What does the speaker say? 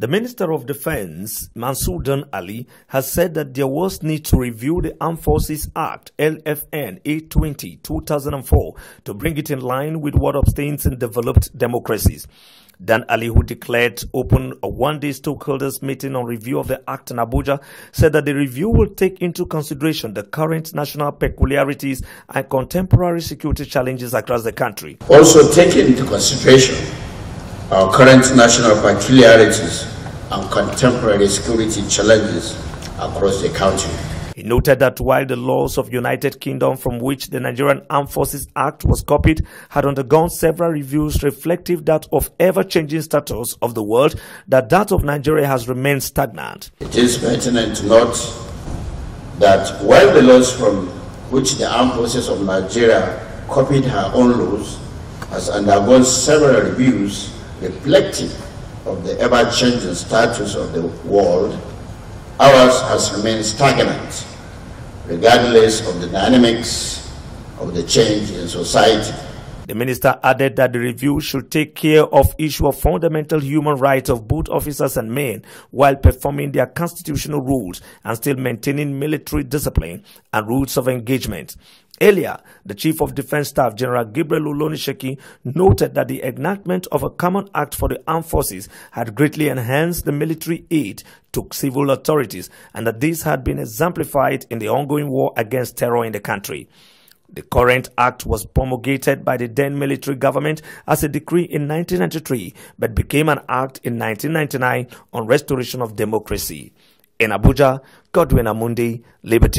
The Minister of Defense, Mansoudan Ali, has said that there was need to review the Armed Forces Act, LFN 820 2004, to bring it in line with what obtains in developed democracies. Dan Ali, who declared open a one-day stakeholders meeting on review of the act in Abuja, said that the review will take into consideration the current national peculiarities and contemporary security challenges across the country. Also taking into consideration our current national peculiarities and contemporary security challenges across the country. He noted that while the laws of United Kingdom from which the Nigerian Armed Forces Act was copied had undergone several reviews reflective that of ever-changing status of the world, that that of Nigeria has remained stagnant. It is pertinent to note that while the laws from which the Armed Forces of Nigeria copied her own laws has undergone several reviews reflective of the ever-changing status of the world, ours has remained stagnant, regardless of the dynamics of the change in society. The minister added that the review should take care of issue of fundamental human rights of both officers and men while performing their constitutional rules and still maintaining military discipline and rules of engagement. Earlier, the Chief of Defense Staff, General Gabriel Ulonisheki, noted that the enactment of a common act for the armed forces had greatly enhanced the military aid to civil authorities and that this had been exemplified in the ongoing war against terror in the country. The current act was promulgated by the then military government as a decree in 1993 but became an act in 1999 on restoration of democracy. In Abuja, Godwin Amundi, Liberty